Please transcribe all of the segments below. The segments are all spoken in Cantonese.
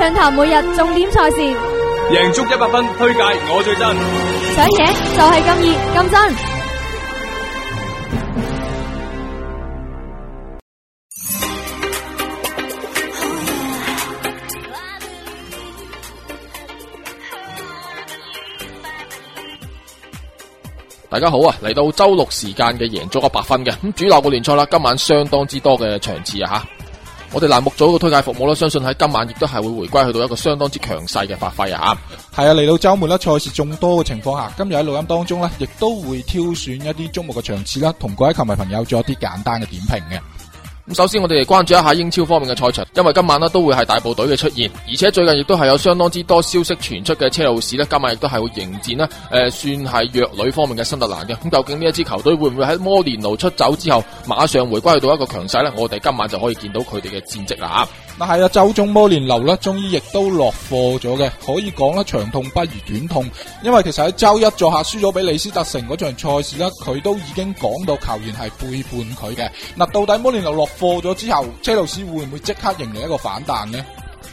暢談每日重點賽事，贏足一百分推介我最真，想贏就係咁熱咁真。大家好啊，嚟到周六時間嘅贏足一百分嘅咁主流嘅聯賽啦，今晚相當之多嘅場次啊吓。我哋欄目組嘅推介服務啦，相信喺今晚亦都係會回歸去到一個相當之強勢嘅發揮啊！係啊，嚟到周末啦，賽事眾多嘅情況下，今日喺錄音當中咧，亦都會挑選一啲矚目嘅場次啦，同各位球迷朋友做一啲簡單嘅點評嘅。首先我哋嚟關注一下英超方面嘅賽場，因為今晚呢都會係大部隊嘅出現，而且最近亦都係有相當之多消息傳出嘅車路士呢，今晚亦都係會迎戰啦，誒、呃，算係弱旅方面嘅新特蘭嘅。咁究竟呢一支球隊會唔會喺摩連奴出走之後馬上回歸去到一個強勢呢？我哋今晚就可以見到佢哋嘅戰績啦。啊，嗱係啦，周中摩連奴呢，終於亦都落貨咗嘅，可以講啦，長痛不如短痛，因為其實喺周一作客輸咗俾李斯特城嗰場賽事呢，佢都已經講到球員係背叛佢嘅。嗱，到底摩連奴落破咗之後，車路士會唔會即刻迎嚟一個反彈咧？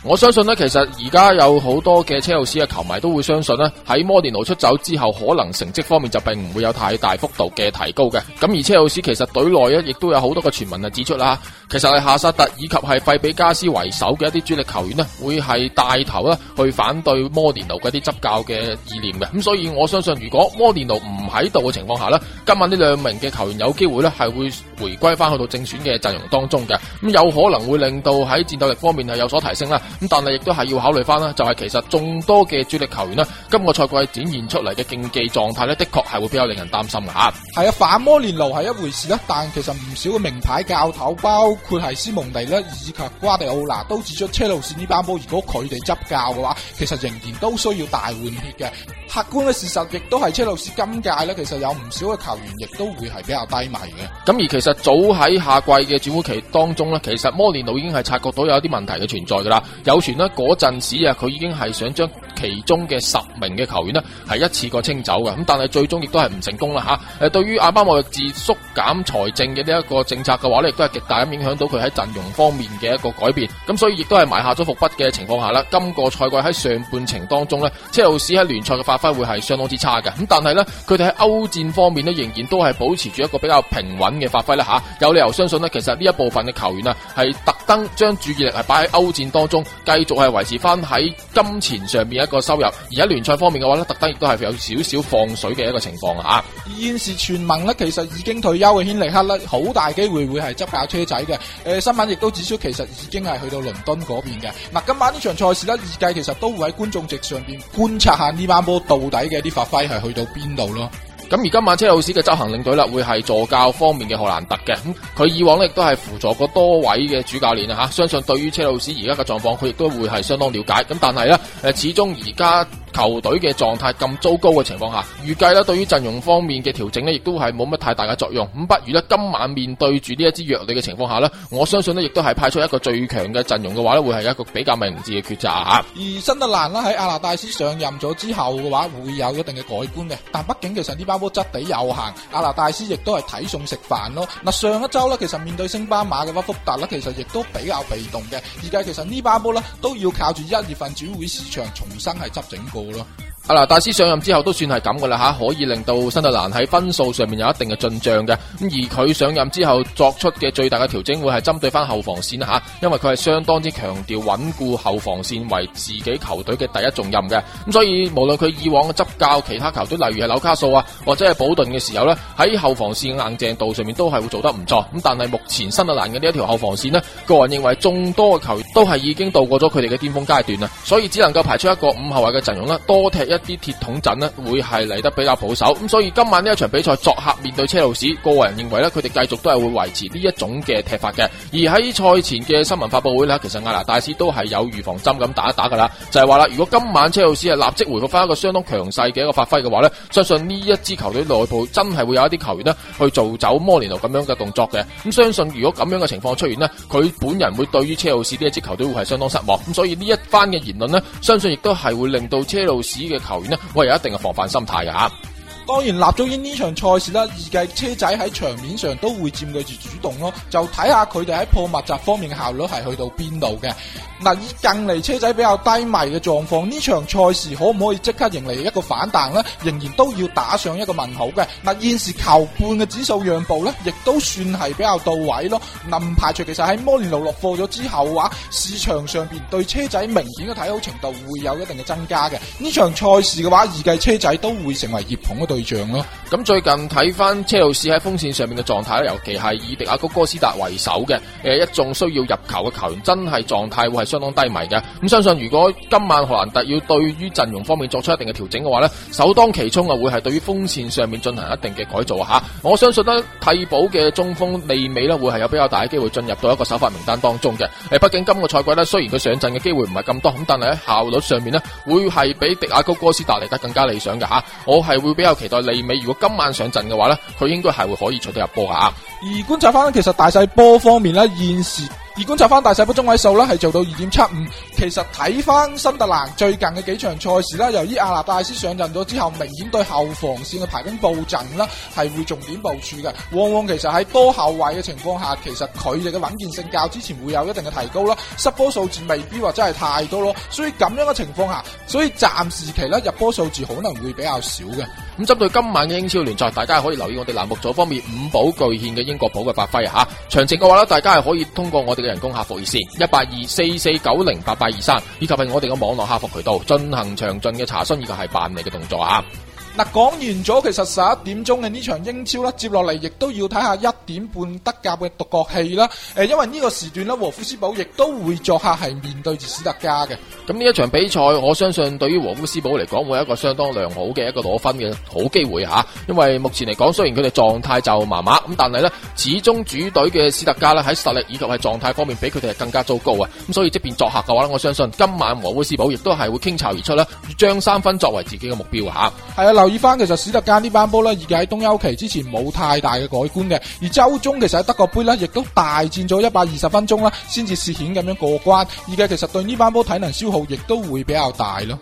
我相信呢，其實而家有好多嘅車路士嘅球迷都會相信呢，喺摩連奴出走之後，可能成績方面就並唔會有太大幅度嘅提高嘅。咁而車路士其實隊內咧，亦都有好多嘅傳聞啊，指出啦，其實係夏薩特以及係費比加斯為首嘅一啲主力球員呢，會係帶頭去反對摩連奴嗰啲執教嘅意念嘅。咁所以我相信，如果摩連奴唔喺度嘅情況下呢，今晚呢兩名嘅球員有機會呢，係會回歸翻去到正選嘅陣容當中嘅，咁有可能會令到喺戰鬥力方面係有所提升啦。咁但係亦都係要考慮翻啦，就係其實眾多嘅主力球員咧，今個賽季展現出嚟嘅競技狀態呢，的確係會比較令人擔心噶吓。係啊，反摩連奴係一回事啦，但其實唔少嘅名牌教頭，包括係斯蒙尼咧，以及瓜迪奧拿，都指出車路士呢班波，如果佢哋執教嘅話，其實仍然都需要大換血嘅。客觀嘅事實亦都係車路士今屆呢，其實有唔少嘅球員亦都會係比較低迷嘅。咁而其實早喺下季嘅轉會期當中呢，其實摩連奴已經係察覺到有一啲問題嘅存在噶啦。有傳呢嗰陣時啊，佢已經係想將其中嘅十名嘅球員呢係一次過清走嘅。咁但係最終亦都係唔成功啦吓。誒，對於阿巴莫自縮減財政嘅呢一個政策嘅話呢，亦都係極大咁影響到佢喺陣容方面嘅一個改變。咁所以亦都係埋下咗伏筆嘅情況下啦。今個賽季喺上半程當中呢，車路士喺聯賽嘅發揮會係相當之差嘅。咁但係呢，佢哋喺歐戰方面呢，仍然都係保持住一個比較平穩嘅發揮啦吓。有理由相信呢，其實呢一部分嘅球員啊，係特。特登將將注意力係擺喺歐戰當中，繼續係維持翻喺金錢上面一個收入，而喺聯賽方面嘅話咧，特登亦都係有少少放水嘅一個情況啊！現時全民咧，其實已經退休嘅亨尼克咧，好大機會會係執架車仔嘅。誒、呃，新聞亦都指出，其實已經係去到倫敦嗰邊嘅。嗱，今晚呢場賽事咧，預計其實都會喺觀眾席上邊觀察一下呢班波到底嘅啲發揮係去到邊度咯。咁而今晚車路士嘅執行領隊啦，會係助教方面嘅荷蘭特嘅，佢、嗯、以往咧亦都係輔助過多位嘅主教練啊吓，相信對於車路士而家嘅狀況，佢亦都會係相當了解。咁、嗯、但係咧，誒始終而家。球隊嘅狀態咁糟糕嘅情況下，預計咧對於陣容方面嘅調整咧，亦都係冇乜太大嘅作用。咁不如咧，今晚面對住呢一支弱隊嘅情況下咧，我相信咧亦都係派出一個最強嘅陣容嘅話咧，會係一個比較明智嘅抉擇。而新德蘭啦喺阿拿大斯上任咗之後嘅話，會有一定嘅改觀嘅。但畢竟其實呢把波質地有限，阿拿大斯亦都係睇餸食飯咯。嗱，上一周咧其實面對星巴馬嘅話，屈福特咧其實亦都比較被動嘅。而家其實呢把波咧都要靠住一月份轉會市場重新係執整。夠了。啊嗱，大師上任之後都算係咁噶啦吓，可以令到新特蘭喺分數上面有一定嘅進賬嘅。咁而佢上任之後作出嘅最大嘅調整，會係針對翻後防線啦吓，因為佢係相當之強調穩固後防線為自己球隊嘅第一重任嘅。咁所以無論佢以往嘅執教其他球隊，例如係紐卡素啊，或者係保頓嘅時候呢，喺後防線硬淨度上面都係會做得唔錯。咁但係目前新特蘭嘅呢一條後防線呢，個人認為眾多嘅球員都係已經度過咗佢哋嘅巔峰階段啦，所以只能夠排出一個五後衛嘅陣容啦，多踢一一啲鐵桶陣咧，會係嚟得比較保守，咁所以今晚呢一場比賽，作客面對車路士，個人認為咧，佢哋繼續都係會維持呢一種嘅踢法嘅。而喺賽前嘅新聞發布會呢，其實亞拿大斯都係有預防針咁打一打噶啦，就係話啦，如果今晚車路士係立即回復翻一個相當強勢嘅一個發揮嘅話呢，相信呢一支球隊內部真係會有一啲球員咧去做走摩連奴咁樣嘅動作嘅。咁相信如果咁樣嘅情況出現呢，佢本人會對於車路士呢一支球隊會係相當失望。咁所以呢一番嘅言論呢，相信亦都係會令到車路士嘅。球員呢，我係有一定嘅防範心態噶吓。當然，立足於呢場賽事啦，預計車仔喺場面上都會佔據住主動咯，就睇下佢哋喺破密集方面嘅效率係去到邊度嘅。嗱，以近嚟車仔比較低迷嘅狀況，呢場賽事可唔可以即刻迎嚟一個反彈呢？仍然都要打上一個問號嘅。嗱，現時球半嘅指數讓步呢，亦都算係比較到位咯。能排除其實喺摩連奴落貨咗之後嘅話，市場上邊對車仔明顯嘅睇好程度會有一定嘅增加嘅。呢場賽事嘅話，預計車仔都會成為熱捧對象咯，咁最近睇翻車路士喺鋒線上面嘅狀態咧，尤其係以迪亞高哥斯達為首嘅，誒一眾需要入球嘅球員真係狀態會係相當低迷嘅。咁相信如果今晚荷蘭特要對於陣容方面作出一定嘅調整嘅話呢，首當其衝啊會係對於鋒線上面進行一定嘅改造啊吓。我相信呢，替補嘅中鋒利尾咧會係有比較大嘅機會進入到一個首發名單當中嘅。誒，畢竟今個賽季呢，雖然佢上陣嘅機會唔係咁多，咁但係喺效率上面呢，會係比迪亞高哥斯達嚟得更加理想嘅吓。我係會比較期。待利美，如果今晚上陣嘅話咧，佢應該係會可以取得入波噶啊！而觀察翻，其實大細波方面咧，現時。而觀察翻大細波中位數呢係做到二點七五。其實睇翻新特蘭最近嘅幾場賽事呢由於阿納大師上陣咗之後，明顯對後防線嘅排兵佈陣啦，係會重點部署嘅。往往其實喺多後衞嘅情況下，其實佢哋嘅穩健性較之前會有一定嘅提高啦。失波數字未必話真係太多咯。所以咁樣嘅情況下，所以暫時期呢，入波數字可能會比較少嘅。咁針對今晚嘅英超聯賽，大家可以留意我哋欄目組方面五寶巨獻嘅英國寶嘅發揮啊！詳情嘅話呢大家係可以通過我哋嘅。人工客服熱線一八二四四九零八八二三，以及係我哋嘅網絡客服渠道進行詳盡嘅查詢，以及係辦理嘅動作啊。嗱，講完咗，其實十一點鐘嘅呢場英超啦，接落嚟亦都要睇下一點半德甲嘅獨角戲啦。誒，因為呢個時段咧，和夫斯堡亦都會作客係面對住史特加嘅。咁呢一場比賽，我相信對於和夫斯堡嚟講，會有一個相當良好嘅一個攞分嘅好機會吓。因為目前嚟講，雖然佢哋狀態就麻麻咁，但係咧始終主隊嘅史特加咧喺實力以及係狀態方面，比佢哋係更加糟糕啊。咁所以即便作客嘅話，我相信今晚和夫斯堡亦都係會傾巢而出啦，將三分作為自己嘅目標吓。係啊，而翻其實史特加呢班波呢，而家喺冬休期之前冇太大嘅改觀嘅，而周中其實喺德國杯呢，亦都大戰咗一百二十分鐘啦，先至涉險咁樣過關。而家其實對呢班波體能消耗亦都會比較大咯。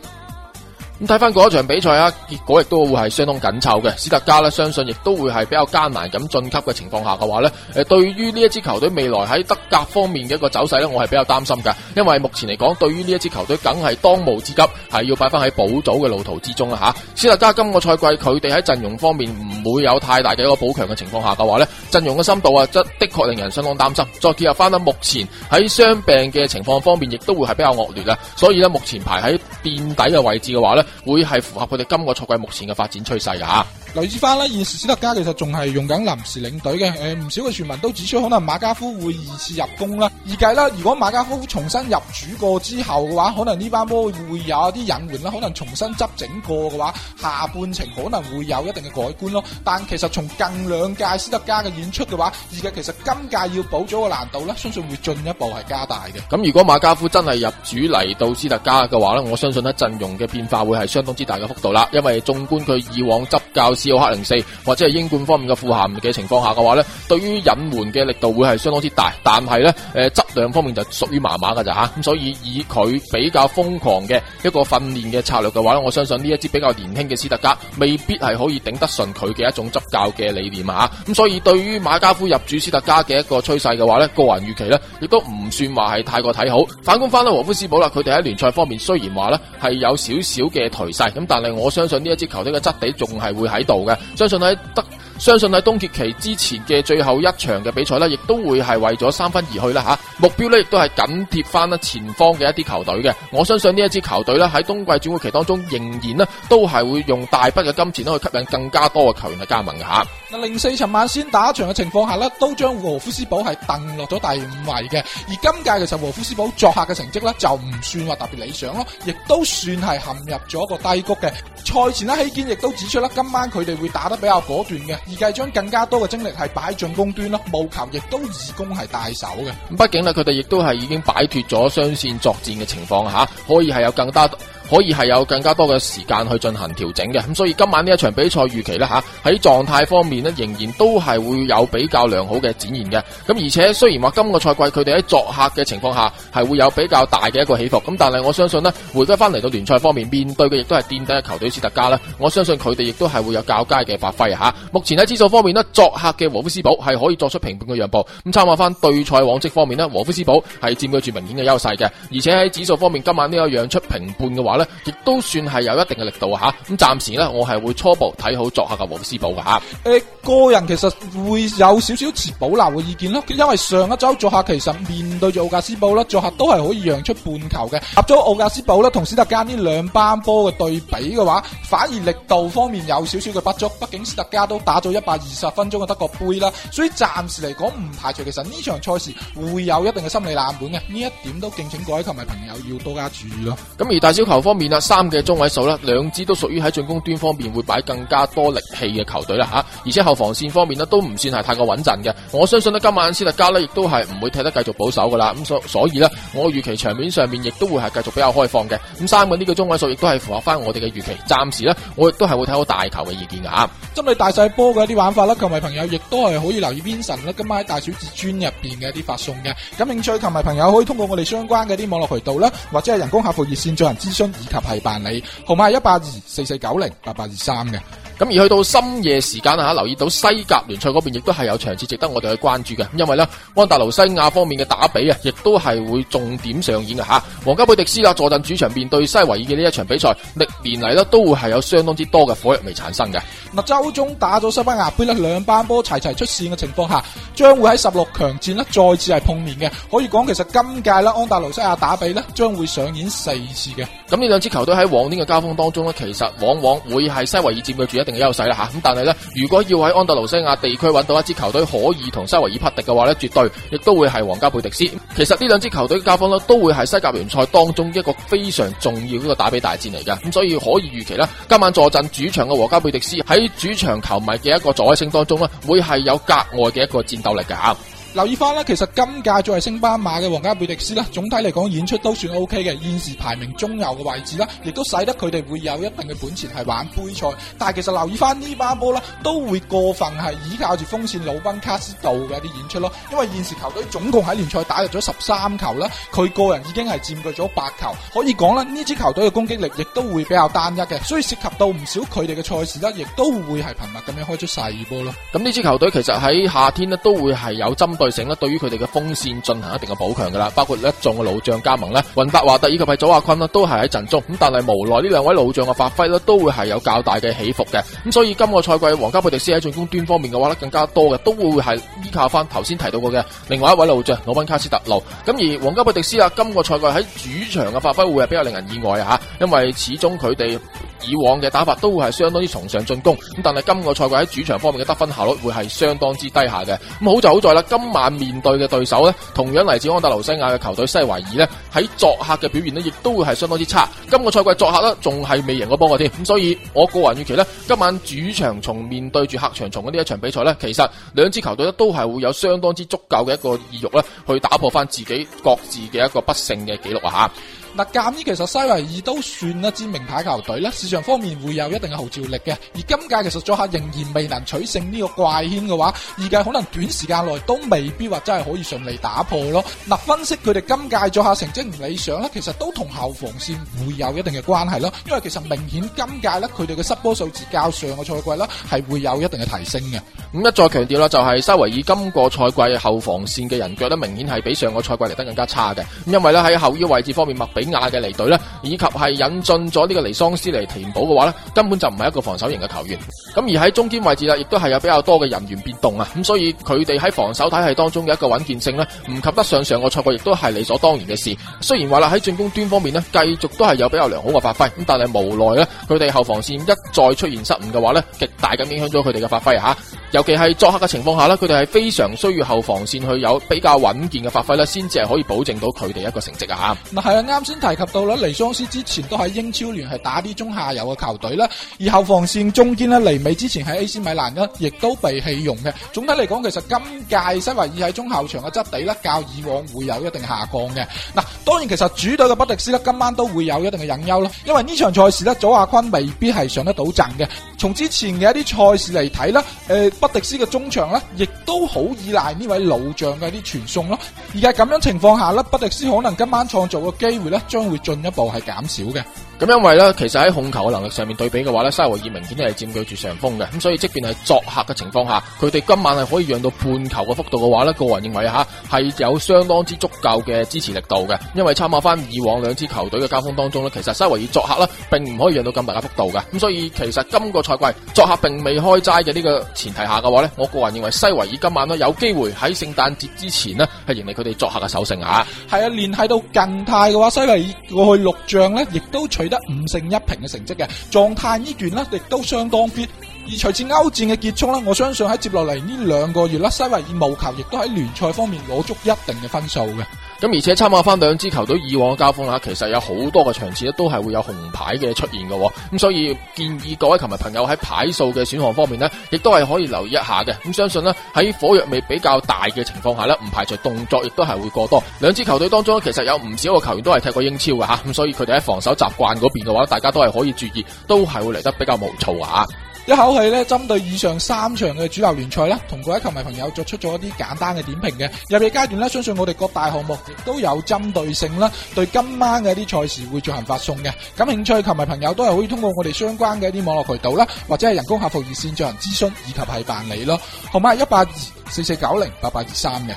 咁睇翻嗰一場比賽啊，結果亦都會係相當緊湊嘅。史特加咧，相信亦都會係比較艱難咁晉級嘅情況下嘅話咧，誒，對於呢一支球隊未來喺德甲方面嘅一個走勢咧，我係比較擔心噶。因為目前嚟講，對於呢一支球隊，梗係當務之急係要擺翻喺保組嘅路途之中啦吓。史特加今個賽季佢哋喺陣容方面唔會有太大嘅一個補強嘅情況下嘅話呢，陣容嘅深度啊，則的確令人相當擔心。再結合翻啦，目前喺傷病嘅情況方面，亦都會係比較惡劣嘅，所以呢目前排喺墊底嘅位置嘅話咧，會係符合佢哋今個賽季目前嘅發展趨勢噶。留意翻咧，現時斯特加其實仲係用緊臨時領隊嘅。誒唔少嘅傳聞都指出，可能馬家夫會二次入宮啦。預計啦，如果馬家夫重新入主過之後嘅話，可能呢班波會有一啲隱患啦。可能重新執整過嘅話，下半程可能會有一定嘅改觀咯。但其實從近兩屆斯特加嘅演出嘅話，預計其實今屆要補咗個難度咧，相信會進一步係加大嘅。咁如果馬家夫真係入主嚟到斯特加嘅話咧，我相信咧陣容嘅變化會係相當之大嘅幅度啦。因為縱觀佢以往執教。只黑零四或者係英冠方面嘅富含嘅情況下嘅話咧，對於隱瞞嘅力度會係相當之大，但係咧誒質量方面就屬於麻麻嘅咋吓，咁、啊、所以以佢比較瘋狂嘅一個訓練嘅策略嘅話咧，我相信呢一支比較年輕嘅斯特加未必係可以頂得順佢嘅一種執教嘅理念啊，咁所以對於馬加夫入主斯特加嘅一個趨勢嘅話咧，個人預期咧亦都唔算話係太過睇好。反觀翻咧，禾夫斯堡啦，佢哋喺聯賽方面雖然話咧係有少少嘅頹勢，咁但係我相信呢一支球隊嘅質地仲係會喺度。相信喺得，相信喺冬歇期之前嘅最後一場嘅比賽呢，亦都會係為咗三分而去啦，吓，目標呢亦都係緊貼翻呢前方嘅一啲球隊嘅，我相信呢一支球隊呢，喺冬季轉會期當中仍然呢，都係會用大筆嘅金錢呢去吸引更加多嘅球員去加盟吓。零四琴晚先打場嘅情況下呢都將和夫斯堡係掟落咗第五位嘅。而今屆其實沃夫斯堡作客嘅成績呢，就唔算話特別理想咯，亦都算係陷入咗一個低谷嘅。賽前呢，希堅亦都指出咧，今晚佢哋會打得比較果斷嘅，而係將更加多嘅精力係擺進攻端咯。務求亦都以攻係帶守嘅。咁畢竟呢，佢哋亦都係已經擺脫咗雙線作戰嘅情況下，可以係有更加。可以係有更加多嘅時間去進行調整嘅，咁所以今晚呢一場比賽預期呢，吓喺狀態方面呢，仍然都係會有比較良好嘅展現嘅，咁而且雖然話今個賽季佢哋喺作客嘅情況下係會有比較大嘅一個起伏，咁但係我相信呢，回歸翻嚟到聯賽方面面對嘅亦都係墊底嘅球隊斯特加啦，我相信佢哋亦都係會有較佳嘅發揮吓。目前喺指數方面呢，作客嘅和夫斯堡係可以作出平半嘅讓步，咁參考翻對賽往績方面呢，和夫斯堡係佔據住明顯嘅優勢嘅，而且喺指數方面今晚呢個讓出平半嘅話。亦都算係有一定嘅力度下，咁、啊嗯、暫時呢，我係會初步睇好作客嘅皇思堡嘅嚇。誒、啊呃，個人其實會有少少持保留嘅意見咯，因為上一周作客其實面對住奧格斯堡咧，作客都係可以讓出半球嘅。合咗奧格斯堡咧同斯特加呢兩班波嘅對比嘅話，反而力度方面有少少嘅不足。畢竟斯特加都打咗一百二十分鐘嘅德國杯啦，所以暫時嚟講唔排除其實呢場賽事會有一定嘅心理冷門嘅。呢一點都敬請各位球迷朋友要多加注意咯。咁而大小球。方面啦，三嘅中位數啦，兩支都屬於喺進攻端方面會擺更加多力氣嘅球隊啦吓，而且後防線方面咧都唔算係太過穩陣嘅。我相信咧今晚斯特加咧亦都係唔會踢得繼續保守噶啦，咁所所以咧，我預期場面上面亦都會係繼續比較開放嘅。咁三嘅呢個中位數亦都係符合翻我哋嘅預期。暫時咧，我亦都係會睇好大球嘅意見噶吓。針對大細波嘅一啲玩法啦，球迷朋友亦都係可以留意 Vincent 咧今晚喺大小至尊入邊嘅一啲發送嘅。感興趣球迷朋友可以通過我哋相關嘅啲網絡渠道啦，或者係人工客服熱線進行諮詢。以及係辦理號碼係一八二四四九零八八二三嘅。咁而去到深夜時間啊，留意到西甲聯賽嗰邊亦都係有場次值，值得我哋去關注嘅，因為呢安達盧西亞方面嘅打比啊，亦都係會重點上演嘅吓。皇家貝迪斯啦坐鎮主場面對西維爾嘅呢一場比賽，歷年嚟呢都會係有相當之多嘅火藥味產生嘅。嗱，周中打咗西班牙杯呢兩班波齊齊出線嘅情況下，將會喺十六強戰呢再次係碰面嘅。可以講其實今屆呢安達盧西亞打比呢將會上演四次嘅。咁呢兩支球隊喺往年嘅交鋒當中呢，其實往往會係西維爾佔嘅主。定有優勢啦吓，咁但係咧，如果要喺安達盧西亞地區揾到一支球隊可以同西維爾匹敵嘅話咧，絕對亦都會係皇家貝迪斯。其實呢兩支球隊嘅交鋒咧，都會係西甲聯賽當中一個非常重要嘅一個打比大戰嚟嘅，咁所以可以預期咧，今晚坐陣主場嘅皇家貝迪斯喺主場球迷嘅一個助威聲當中咧，會係有格外嘅一個戰鬥力嘅。留意翻啦，其實今屆作為升班馬嘅皇家貝迪斯啦，總體嚟講演出都算 O K 嘅，現時排名中游嘅位置啦，亦都使得佢哋會有一定嘅本錢係玩杯賽。但係其實留意翻呢班波啦，都會過分係倚靠住鋒線魯賓卡斯道嘅一啲演出咯。因為現時球隊總共喺聯賽打入咗十三球啦，佢個人已經係佔據咗八球，可以講啦，呢支球隊嘅攻擊力亦都會比較單一嘅，所以涉及到唔少佢哋嘅賽事呢亦都會係頻密咁樣開出細波咯。咁呢支球隊其實喺夏天呢，都會係有針對。成對於佢哋嘅鋒線進行一定嘅補強噶啦，包括一眾嘅老將加盟咧，雲達華特以及係祖亞坤啦，都係喺陣中，咁但係無奈呢兩位老將嘅發揮咧，都會係有較大嘅起伏嘅，咁所以今個賽季皇家貝迪斯喺進攻端方面嘅話咧，更加多嘅都會會係依靠翻頭先提到過嘅另外一位老將魯賓卡斯特路，咁而皇家貝迪斯啊，今個賽季喺主場嘅發揮會係比較令人意外啊吓，因為始終佢哋。以往嘅打法都會係相當之崇尚進攻，咁但係今個賽季喺主場方面嘅得分效率會係相當之低下嘅。咁好就好在啦，今晚面對嘅對手咧，同樣嚟自安達盧西亞嘅球隊西維爾咧，喺作客嘅表現咧，亦都會係相當之差。今個賽季作客咧，仲係未贏過波嘅添。咁所以，我個人預期呢，今晚主場從面對住客場從呢一場比賽呢，其實兩支球隊咧都係會有相當之足夠嘅一個意欲咧，去打破翻自己各自嘅一個不勝嘅紀錄啊！吓。嗱，鑒於其實西維爾都算一支名牌球隊咧，市場方面會有一定嘅號召力嘅。而今屆其實作客仍然未能取勝呢個怪圈嘅話，而計可能短時間內都未必話真係可以順利打破咯。嗱，分析佢哋今屆作客成績唔理想咧，其實都同後防線會有一定嘅關係咯。因為其實明顯今屆咧佢哋嘅失波數字較上個賽季咧係會有一定嘅提升嘅。咁一再強調啦，就係、是、西維爾今個賽季後防線嘅人腳咧明顯係比上個賽季嚟得更加差嘅。咁因為咧喺後腰位置方面亞嘅離隊咧，以及係引進咗呢個尼桑斯嚟填補嘅話呢，根本就唔係一個防守型嘅球員。咁而喺中間位置啦，亦都係有比較多嘅人員變動啊。咁所以佢哋喺防守體系當中嘅一個穩健性呢，唔及得上上個賽季，亦都係理所當然嘅事。雖然話啦，喺進攻端方面呢，繼續都係有比較良好嘅發揮，咁但係無奈呢，佢哋後防線一再出現失誤嘅話呢，極大咁影響咗佢哋嘅發揮啊。尤其係作客嘅情況下呢，佢哋係非常需要後防線去有比較穩健嘅發揮呢，先至係可以保證到佢哋一個成績啊！吓，嗱係啊，啱先提及到咧，尼桑斯之前都喺英超聯係打啲中下游嘅球隊啦，而後防線中堅呢，尼美之前喺 AC 米蘭呢亦都被棄用嘅。總體嚟講，其實今屆西維爾喺中後場嘅質地呢較以往會有一定下降嘅。嗱，當然，其實主隊嘅不迪斯呢，今晚都會有一定嘅隱憂咯，因為呢場賽事呢，祖亞坤未必係上得到陣嘅。從之前嘅一啲賽事嚟睇啦，誒，不迪斯嘅中場咧，亦都好依賴呢位老將嘅一啲傳送咯。而喺咁樣情況下咧，不迪斯可能今晚創造嘅機會咧，將會進一步係減少嘅。咁因為咧，其實喺控球嘅能力上面對比嘅話咧，西維爾明顯係佔據住上風嘅。咁所以即便係作客嘅情況下，佢哋今晚係可以讓到半球嘅幅度嘅話呢，個人認為吓係有相當之足夠嘅支持力度嘅，因為參考翻以往兩支球隊嘅交鋒當中呢，其實西維爾作客呢並唔可以讓到咁大嘅幅度嘅。咁所以其實今個賽季作客並未開齋嘅呢個前提下嘅話呢，我個人認為西維爾今晚咧有機會喺聖誕節之前呢係迎嚟佢哋作客嘅首勝吓，係啊，連喺到近太嘅話，西維爾過去六仗呢亦都取得五勝一平嘅成績嘅狀態呢段咧，亦都相當 fit。而隨住歐戰嘅結束咧，我相信喺接落嚟呢兩個月啦，西維爾務求亦都喺聯賽方面攞足一定嘅分數嘅。咁而且參考翻兩支球隊以往嘅交鋒吓，其實有好多個場次咧都係會有紅牌嘅出現嘅，咁所以建議各位球迷朋友喺牌數嘅選項方面呢，亦都係可以留意一下嘅。咁相信呢，喺火藥味比較大嘅情況下呢，唔排除動作亦都係會過多。兩支球隊當中呢，其實有唔少個球員都係踢過英超嘅吓，咁所以佢哋喺防守習慣嗰邊嘅話，大家都係可以注意，都係會嚟得比較無措啊。一口氣咧，針對以上三場嘅主流聯賽咧，同各位球迷朋友作出咗一啲簡單嘅點評嘅。入夜階段咧，相信我哋各大項目亦都有針對性啦，對今晚嘅一啲賽事會進行發送嘅。感興趣球迷朋友都係可以通過我哋相關嘅一啲網絡渠道啦，或者係人工客服熱線進行諮詢以及係辦理咯。號碼係一八二四四九零八八二三嘅。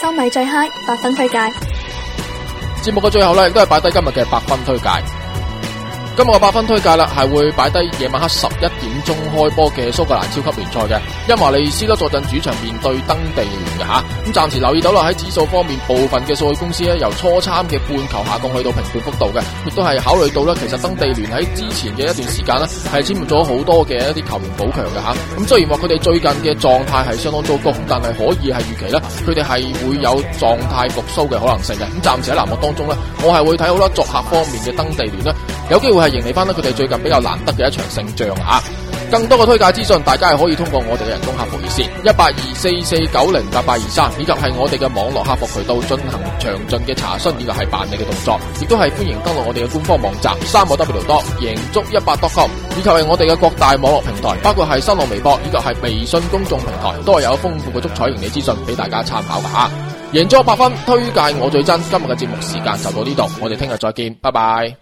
收米最嗨，i 百分推介。節目嘅最後咧，亦都係擺低今日嘅百分推介。今日嘅八分推介啦，係會擺低夜晚黑十一點鐘開波嘅蘇格蘭超級聯賽嘅，因華利斯咧坐陣主場面對登地聯嘅吓。咁暫時留意到啦，喺指數方面，部分嘅數據公司咧由初參嘅半球下降去到平半幅度嘅，亦都係考慮到咧，其實登地聯喺之前嘅一段時間呢係簽入咗好多嘅一啲球員補強嘅咁、啊、雖然話佢哋最近嘅狀態係相當糟糕，但係可以係預期咧，佢哋係會有狀態復甦嘅可能性嘅。咁暫時喺欄目當中呢我係會睇好啦，作客方面嘅登地聯呢有機會係迎嚟翻呢佢哋最近比較難得嘅一場勝仗。更多嘅推介資訊，大家係可以通過我哋嘅人工客服熱線一八二四四九零八八二三，124, 490, 823, 以及係我哋嘅網絡客服渠道進行詳盡嘅查詢，以及係辦理嘅動作，亦都係歡迎登錄我哋嘅官方網站三 w 多贏足一百多 com 以及係我哋嘅各大網絡平台，包括係新浪微博，以及係微信公眾平台，都係有豐富嘅足彩盈利資訊俾大家參考噶吓。贏足一百 FUN，推介我最真。今日嘅節目時間就到呢度，我哋聽日再見，拜拜。